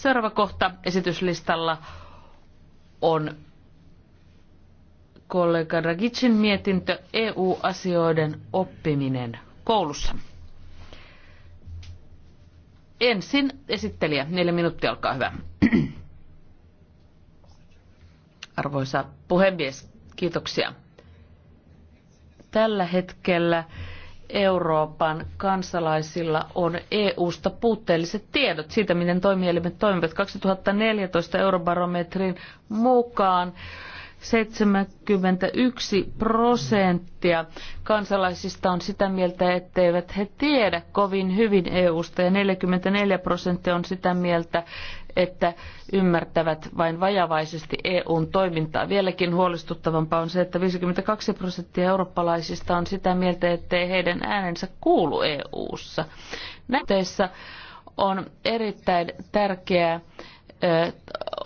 Seuraava kohta esityslistalla on kollega Ragicin mietintö EU-asioiden oppiminen koulussa. Ensin esittelijä, neljä minuuttia, olkaa hyvä. Arvoisa puhemies, kiitoksia. Tällä hetkellä Euroopan kansalaisilla on EU-sta puutteelliset tiedot siitä, miten toimielimet toimivat. 2014 eurobarometrin mukaan 71 prosenttia kansalaisista on sitä mieltä, etteivät he tiedä kovin hyvin EUsta ja 44 prosenttia on sitä mieltä, että ymmärtävät vain vajavaisesti EUn toimintaa. Vieläkin huolestuttavampaa on se, että 52 prosenttia eurooppalaisista on sitä mieltä, ettei heidän äänensä kuulu EU:ssa. Näytteissä on erittäin tärkeää,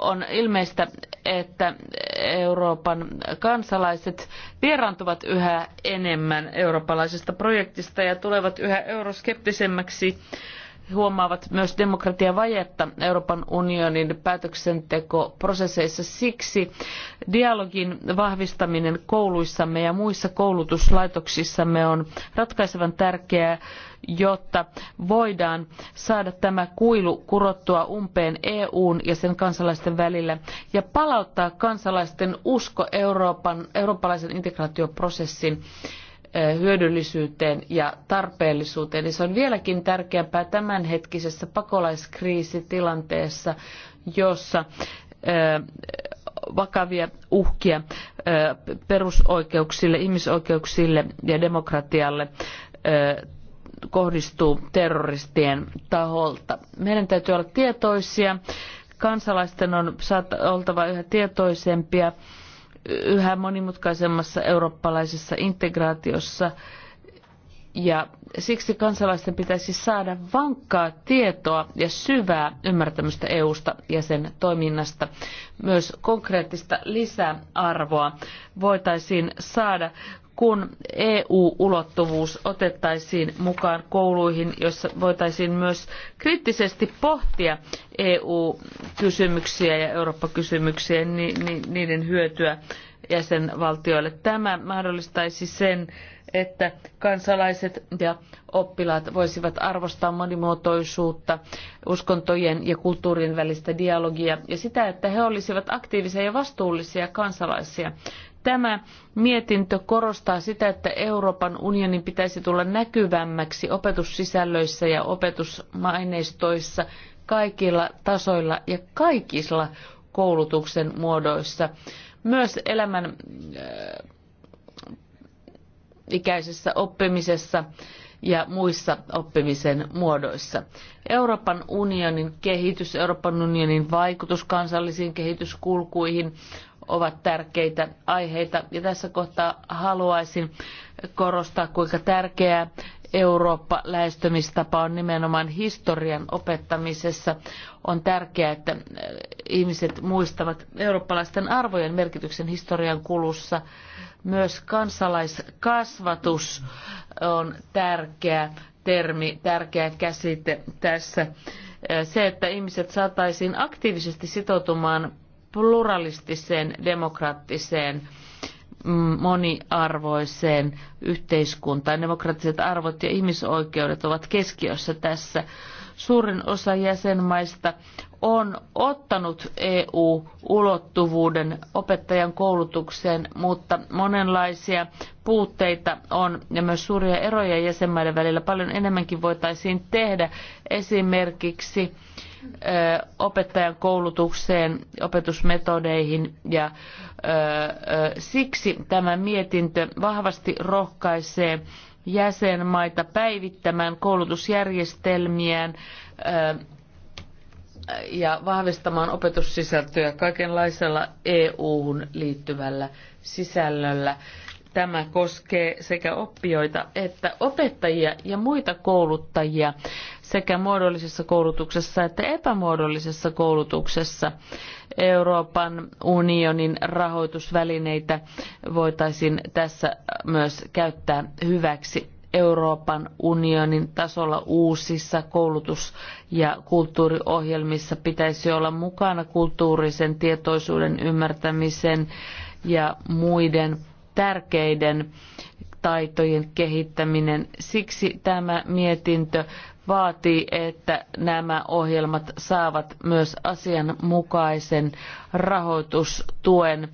on ilmeistä, että Euroopan kansalaiset vieraantuvat yhä enemmän eurooppalaisesta projektista ja tulevat yhä euroskeptisemmäksi huomaavat myös demokratiavajetta Euroopan unionin päätöksentekoprosesseissa. Siksi dialogin vahvistaminen kouluissamme ja muissa koulutuslaitoksissamme on ratkaisevan tärkeää, jotta voidaan saada tämä kuilu kurottua umpeen EUn ja sen kansalaisten välillä ja palauttaa kansalaisten usko Euroopan, eurooppalaisen integraatioprosessin Eh, hyödyllisyyteen ja tarpeellisuuteen. se on vieläkin tärkeämpää tämänhetkisessä pakolaiskriisitilanteessa, jossa eh, vakavia uhkia eh, perusoikeuksille, ihmisoikeuksille ja demokratialle kohdistuu terroristien taholta. Meidän täytyy olla tietoisia, kansalaisten on oltava yhä tietoisempia yhä monimutkaisemmassa eurooppalaisessa integraatiossa. Ja siksi kansalaisten pitäisi saada vankkaa tietoa ja syvää ymmärtämystä EUsta ja sen toiminnasta. Myös konkreettista lisäarvoa voitaisiin saada, kun EU-ulottuvuus otettaisiin mukaan kouluihin, joissa voitaisiin myös kriittisesti pohtia EU-kysymyksiä ja Eurooppa-kysymyksiä, niiden hyötyä jäsenvaltioille. Tämä mahdollistaisi sen, että kansalaiset ja oppilaat voisivat arvostaa monimuotoisuutta, uskontojen ja kulttuurin välistä dialogia ja sitä, että he olisivat aktiivisia ja vastuullisia kansalaisia. Tämä mietintö korostaa sitä, että Euroopan unionin pitäisi tulla näkyvämmäksi opetussisällöissä ja opetusaineistoissa kaikilla tasoilla ja kaikilla koulutuksen muodoissa. Myös elämän äh, ikäisessä oppimisessa ja muissa oppimisen muodoissa. Euroopan unionin kehitys, Euroopan unionin vaikutus kansallisiin kehityskulkuihin ovat tärkeitä aiheita. Ja tässä kohtaa haluaisin korostaa, kuinka tärkeää Eurooppa-lähestymistapa on nimenomaan historian opettamisessa. On tärkeää, että äh, ihmiset muistavat eurooppalaisten arvojen merkityksen historian kulussa. Myös kansalaiskasvatus on tärkeä termi, tärkeä käsite tässä. Äh, se, että ihmiset saataisiin aktiivisesti sitoutumaan pluralistiseen, demokraattiseen, mm, moniarvoiseen yhteiskuntaan. Demokraattiset arvot ja ihmisoikeudet ovat keskiössä tässä. Suurin osa jäsenmaista on ottanut EU-ulottuvuuden opettajan koulutukseen, mutta monenlaisia puutteita on ja myös suuria eroja jäsenmaiden välillä. Paljon enemmänkin voitaisiin tehdä esimerkiksi opettajan koulutukseen, opetusmetodeihin ja siksi tämä mietintö vahvasti rohkaisee jäsenmaita päivittämään koulutusjärjestelmiään ja vahvistamaan opetussisältöjä kaikenlaisella EU-hun liittyvällä sisällöllä. Tämä koskee sekä oppijoita että opettajia ja muita kouluttajia sekä muodollisessa koulutuksessa että epämuodollisessa koulutuksessa. Euroopan unionin rahoitusvälineitä voitaisiin tässä myös käyttää hyväksi Euroopan unionin tasolla uusissa koulutus- ja kulttuuriohjelmissa pitäisi olla mukana kulttuurisen tietoisuuden ymmärtämisen ja muiden tärkeiden taitojen kehittäminen. Siksi tämä mietintö vaatii, että nämä ohjelmat saavat myös asianmukaisen rahoitustuen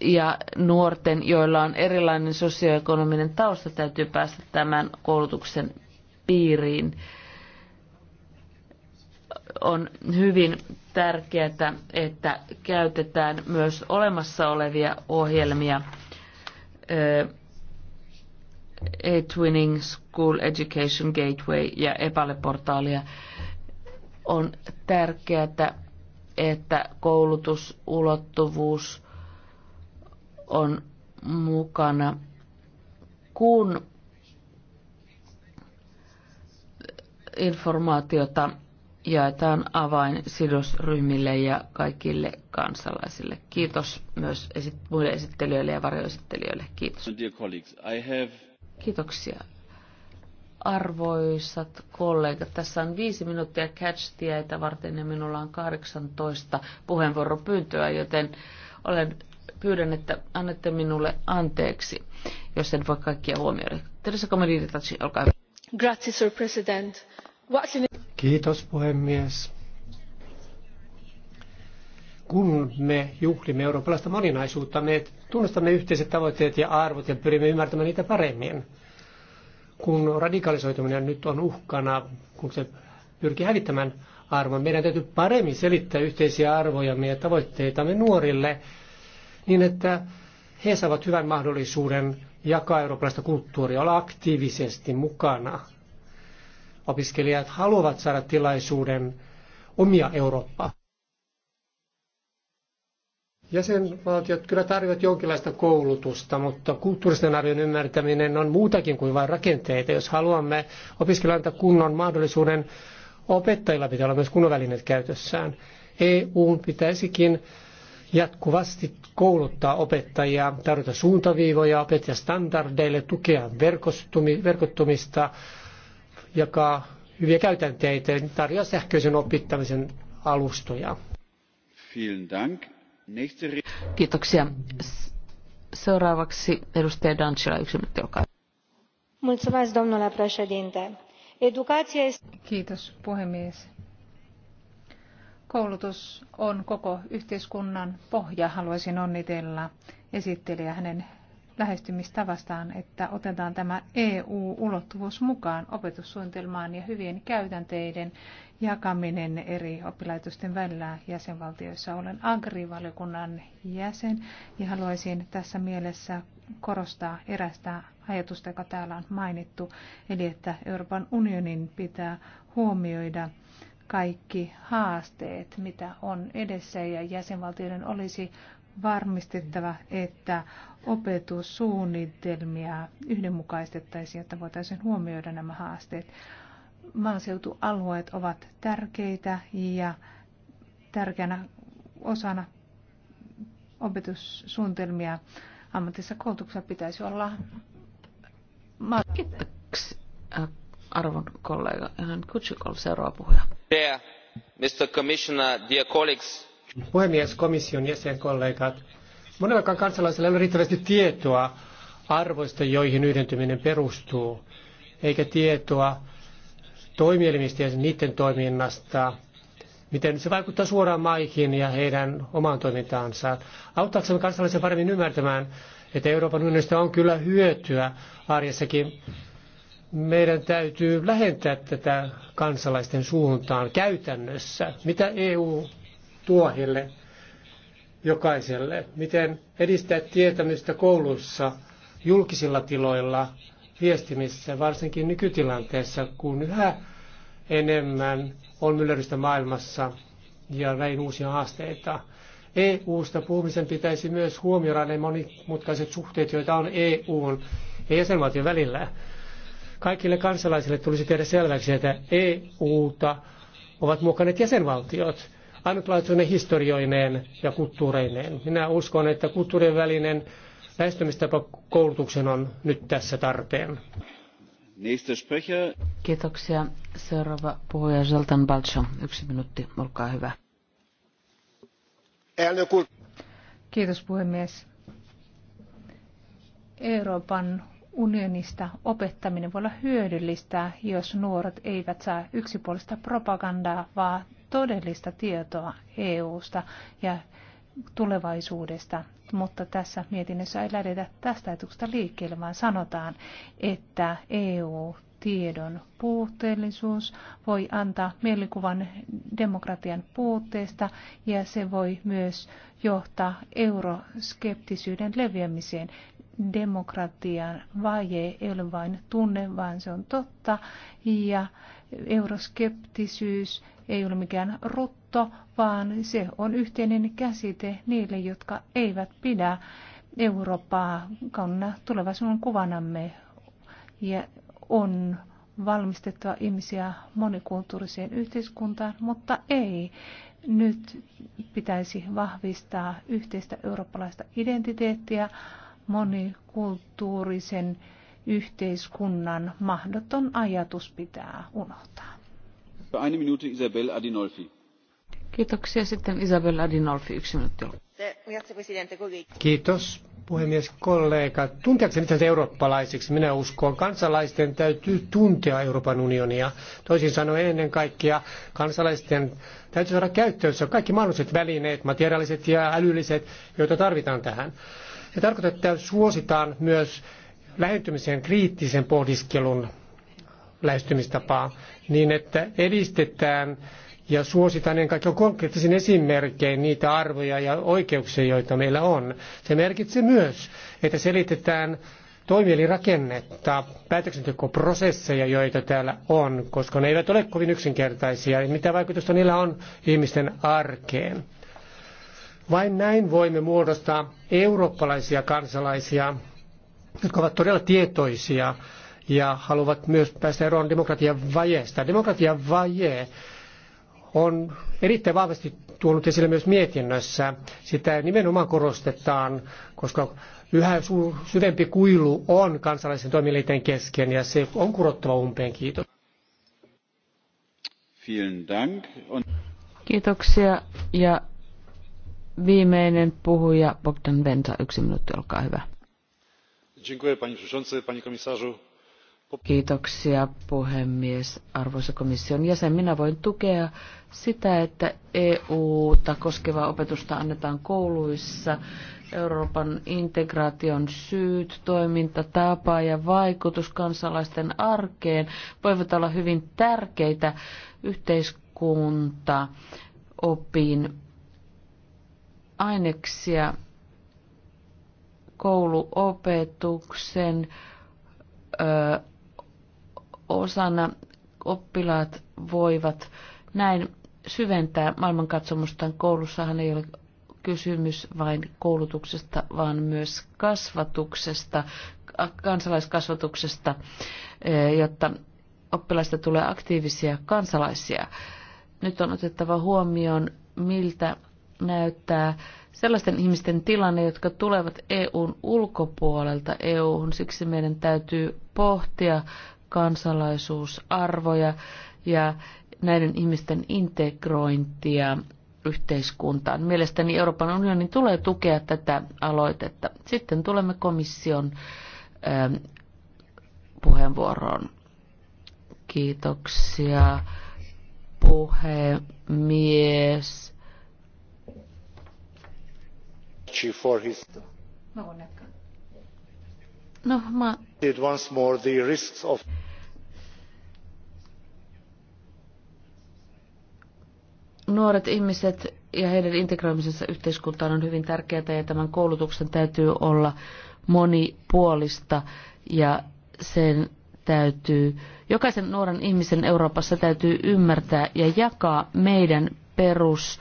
ja nuorten, joilla on erilainen sosioekonominen tausta, täytyy päästä tämän koulutuksen piiriin on hyvin tärkeää, että käytetään myös olemassa olevia ohjelmia. Eh, E-Twinning, School Education Gateway ja Epale-portaalia. On tärkeää, että koulutusulottuvuus on mukana, kun informaatiota jaetaan avain sidosryhmille ja kaikille kansalaisille. Kiitos myös esit- muille esittelijöille ja varjoesittelijöille. Kiitos. Kiitoksia. Arvoisat kollegat, tässä on viisi minuuttia catch-tietä varten ja minulla on 18 puheenvuoropyyntöä, joten olen pyydän, että annatte minulle anteeksi, jos en voi kaikkia huomioida. Teresa Comodini, olkaa hyvä. Grazie, Sir President. What's in Kiitos puhemies. Kun me juhlimme eurooppalaista moninaisuutta, me tunnustamme yhteiset tavoitteet ja arvot ja pyrimme ymmärtämään niitä paremmin. Kun radikalisoituminen nyt on uhkana, kun se pyrkii hävittämään arvon, meidän täytyy paremmin selittää yhteisiä arvoja ja tavoitteitamme nuorille niin, että he saavat hyvän mahdollisuuden jakaa eurooppalaista kulttuuria, olla aktiivisesti mukana – opiskelijat haluavat saada tilaisuuden omia Eurooppaa. Jäsenvaltiot kyllä tarjoavat jonkinlaista koulutusta, mutta kulttuuristen arvion ymmärtäminen on muutakin kuin vain rakenteita. Jos haluamme opiskelijoilta kunnon mahdollisuuden, opettajilla pitää olla myös kunnon välineet käytössään. EU pitäisikin jatkuvasti kouluttaa opettajia, tarjota suuntaviivoja opettajastandardeille, tukea verkottumista, joka hyviä käytänteitä ja tarjoaa sähköisen opittamisen alustoja. Kiitoksia. Seuraavaksi edustaja Dancila, yksi minuutti, olkaa Mulțumesc, domnule președinte. Kiitos, puhemies. Koulutus on koko yhteiskunnan pohja. Haluaisin onnitella esittelijä hänen lähestymistavastaan, että otetaan tämä EU-ulottuvuus mukaan opetussuunnitelmaan ja hyvien käytänteiden jakaminen eri oppilaitosten välillä jäsenvaltioissa. Olen agrivaliokunnan jäsen ja haluaisin tässä mielessä korostaa erästä ajatusta, joka täällä on mainittu, eli että Euroopan unionin pitää huomioida kaikki haasteet, mitä on edessä, ja jäsenvaltioiden olisi varmistettava, että opetussuunnitelmia yhdenmukaistettaisiin, jotta voitaisiin huomioida nämä haasteet. Maaseutualueet ovat tärkeitä ja tärkeänä osana opetussuunnitelmia ammatissa koulutuksessa pitäisi olla ma- Kiitoksia, arvon kollega Jan Kutsikov, seuraava puhuja. Yeah, Mr. Commissioner, dear colleagues, Puhemies, komission jäsenkollegat, monellakaan kansalaisella ei ole riittävästi tietoa arvoista, joihin yhdentyminen perustuu, eikä tietoa toimielimistä ja niiden toiminnasta, miten se vaikuttaa suoraan maihin ja heidän omaan toimintaansa. Auttaaksemme kansalaisia paremmin ymmärtämään, että Euroopan unionista on kyllä hyötyä arjessakin. Meidän täytyy lähentää tätä kansalaisten suuntaan käytännössä. Mitä EU tuohille jokaiselle. Miten edistää tietämystä kouluissa, julkisilla tiloilla, viestimissä, varsinkin nykytilanteessa, kun yhä enemmän on myllerrystä maailmassa ja näin uusia haasteita. EU-sta puhumisen pitäisi myös huomioida ne monimutkaiset suhteet, joita on EUn ja jäsenvaltion välillä. Kaikille kansalaisille tulisi tehdä selväksi, että EUta ovat muokanneet jäsenvaltiot ainutlaatuinen historioineen ja kulttuureineen. Minä uskon, että kulttuurien välinen lähestymistapa koulutuksen on nyt tässä tarpeen. Kiitoksia. Seuraava puhuja Zoltan Balcho. Yksi minuutti, olkaa hyvä. Kiitos puhemies. Euroopan unionista opettaminen voi olla hyödyllistä, jos nuoret eivät saa yksipuolista propagandaa, vaan todellista tietoa EUsta ja tulevaisuudesta, mutta tässä mietinnössä ei lähdetä tästä ajatuksesta liikkeelle, vaan sanotaan, että EU tiedon puutteellisuus voi antaa mielikuvan demokratian puutteesta ja se voi myös johtaa euroskeptisyyden leviämiseen demokratian vaje ei ole vain tunne, vaan se on totta. Ja euroskeptisyys ei ole mikään rutto, vaan se on yhteinen käsite niille, jotka eivät pidä Eurooppaa kaunina tulevaisuuden kuvanamme. Ja on valmistettua ihmisiä monikulttuuriseen yhteiskuntaan, mutta ei. Nyt pitäisi vahvistaa yhteistä eurooppalaista identiteettiä, monikulttuurisen yhteiskunnan mahdoton ajatus pitää unohtaa. Eine Minute Isabel Adinolfi. Kiitoksia. Sitten Isabel Adinolfi, yksi minuutti. Kiitos puhemies, kollegat, tunteakseni tätä eurooppalaisiksi, minä uskon, kansalaisten täytyy tuntea Euroopan unionia. Toisin sanoen ennen kaikkea kansalaisten täytyy saada käyttöönsä kaikki mahdolliset välineet, materiaaliset ja älylliset, joita tarvitaan tähän. Ja tarkoittaa, että suositaan myös lähentymiseen kriittisen pohdiskelun lähestymistapaa niin, että edistetään ja suositaan ennen kaikkea konkreettisin esimerkkein niitä arvoja ja oikeuksia, joita meillä on. Se merkitsee myös, että selitetään toimielirakennetta, päätöksentekoprosesseja, joita täällä on, koska ne eivät ole kovin yksinkertaisia, ja mitä vaikutusta niillä on ihmisten arkeen. Vain näin voimme muodostaa eurooppalaisia kansalaisia, jotka ovat todella tietoisia ja haluavat myös päästä eroon demokratian vajeesta. Demokratian vaje on erittäin vahvasti tuonut esille myös mietinnössä. Sitä nimenomaan korostetaan, koska yhä syvempi kuilu on kansalaisen toimielinten kesken ja se on kurottava umpeen. Kiitos. Kiitoksia ja viimeinen puhuja Bogdan Venta, yksi minuutti, olkaa hyvä. Dziękuję panie przewodniczący, panie komisarzu Kiitoksia puhemies. Arvoisa komission jäsen, minä voin tukea sitä, että EU-ta koskevaa opetusta annetaan kouluissa. Euroopan integraation syyt, toimintatapa ja vaikutus kansalaisten arkeen voivat olla hyvin tärkeitä yhteiskunta opin aineksia kouluopetuksen osana oppilaat voivat näin syventää maailmankatsomustaan. Koulussahan ei ole kysymys vain koulutuksesta, vaan myös kasvatuksesta, kansalaiskasvatuksesta, e, jotta oppilaista tulee aktiivisia kansalaisia. Nyt on otettava huomioon, miltä näyttää sellaisten ihmisten tilanne, jotka tulevat EUn ulkopuolelta EUhun. Siksi meidän täytyy pohtia kansalaisuusarvoja ja näiden ihmisten integrointia yhteiskuntaan. Mielestäni Euroopan unionin tulee tukea tätä aloitetta. Sitten tulemme komission ähm, puheenvuoroon. Kiitoksia puhemies. For his... No, Nuoret ihmiset ja heidän integroimisensa yhteiskuntaan on hyvin tärkeää ja tämän koulutuksen täytyy olla monipuolista ja sen täytyy, jokaisen nuoren ihmisen Euroopassa täytyy ymmärtää ja jakaa meidän perus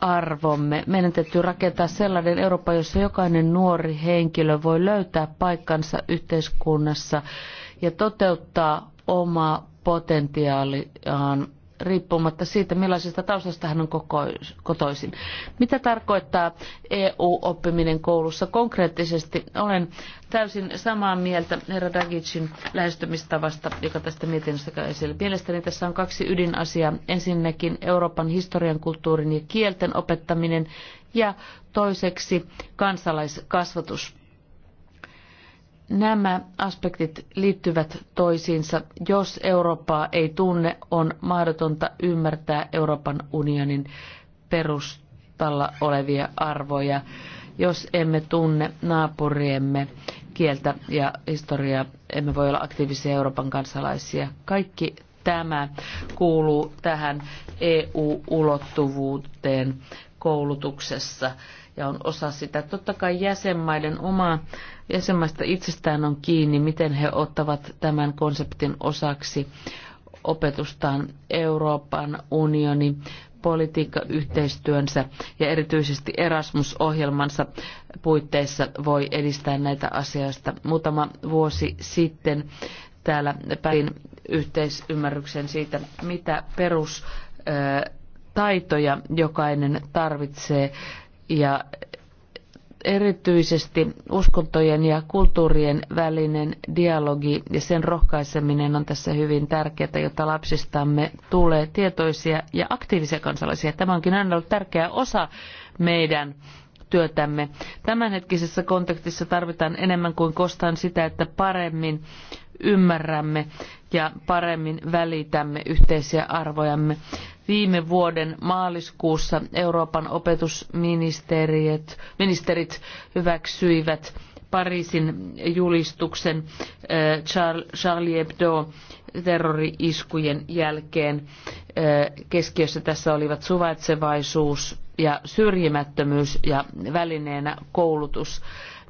arvomme. Meidän täytyy rakentaa sellainen Eurooppa, jossa jokainen nuori henkilö voi löytää paikkansa yhteiskunnassa ja toteuttaa omaa potentiaaliaan riippumatta siitä, millaisesta taustasta hän on kotoisin. Mitä tarkoittaa EU-oppiminen koulussa konkreettisesti? Olen täysin samaa mieltä herra Dagicin lähestymistavasta, joka tästä mietinnöstä käy esille. Mielestäni tässä on kaksi ydinasiaa. Ensinnäkin Euroopan historian, kulttuurin ja kielten opettaminen ja toiseksi kansalaiskasvatus. Nämä aspektit liittyvät toisiinsa. Jos Eurooppaa ei tunne, on mahdotonta ymmärtää Euroopan unionin perustalla olevia arvoja. Jos emme tunne naapuriemme kieltä ja historiaa, emme voi olla aktiivisia Euroopan kansalaisia. Kaikki tämä kuuluu tähän EU-ulottuvuuteen koulutuksessa ja on osa sitä. Totta kai jäsenmaiden omaa jäsenmaista itsestään on kiinni, miten he ottavat tämän konseptin osaksi opetustaan Euroopan unioni politiikkayhteistyönsä ja erityisesti Erasmus-ohjelmansa puitteissa voi edistää näitä asioista. Muutama vuosi sitten täällä päin yhteisymmärryksen siitä, mitä perustaitoja jokainen tarvitsee ja erityisesti uskontojen ja kulttuurien välinen dialogi ja sen rohkaiseminen on tässä hyvin tärkeää, jotta lapsistamme tulee tietoisia ja aktiivisia kansalaisia. Tämä onkin aina ollut tärkeä osa meidän työtämme. Tämänhetkisessä kontekstissa tarvitaan enemmän kuin koskaan sitä, että paremmin ymmärrämme ja paremmin välitämme yhteisiä arvojamme. Viime vuoden maaliskuussa Euroopan opetusministerit hyväksyivät Pariisin julistuksen eh, Charlie Hebdo terrori-iskujen jälkeen. Eh, keskiössä tässä olivat suvaitsevaisuus, ja syrjimättömyys ja välineenä koulutus.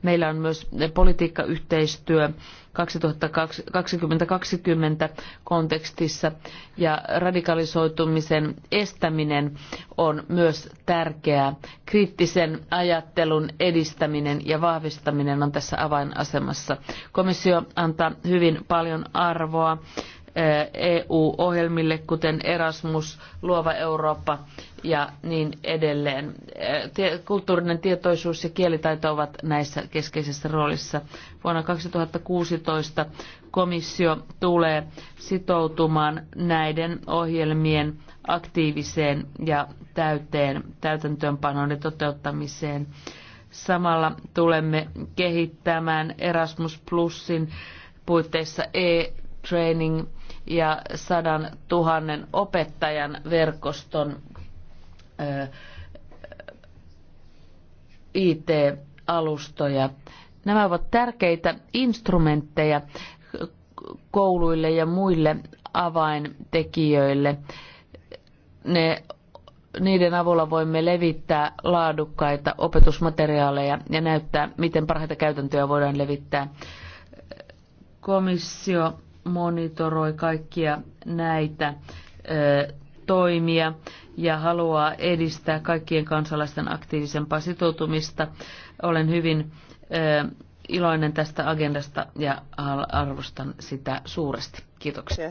Meillä on myös politiikkayhteistyö 2020 kontekstissa ja radikalisoitumisen estäminen on myös tärkeää. Kriittisen ajattelun edistäminen ja vahvistaminen on tässä avainasemassa. Komissio antaa hyvin paljon arvoa EU-ohjelmille, kuten Erasmus, Luova Eurooppa ja niin edelleen. Kulttuurinen tietoisuus ja kielitaito ovat näissä keskeisessä roolissa. Vuonna 2016 komissio tulee sitoutumaan näiden ohjelmien aktiiviseen ja täyteen täytäntöönpanon ja toteuttamiseen. Samalla tulemme kehittämään Erasmus Plusin puitteissa e-training ja sadan tuhannen opettajan verkoston IT-alustoja. Nämä ovat tärkeitä instrumentteja kouluille ja muille avaintekijöille. Ne, niiden avulla voimme levittää laadukkaita opetusmateriaaleja ja näyttää, miten parhaita käytäntöjä voidaan levittää. Komissio monitoroi kaikkia näitä toimia ja haluaa edistää kaikkien kansalaisten aktiivisempaa sitoutumista. Olen hyvin iloinen tästä agendasta ja arvostan sitä suuresti. Kiitoksia.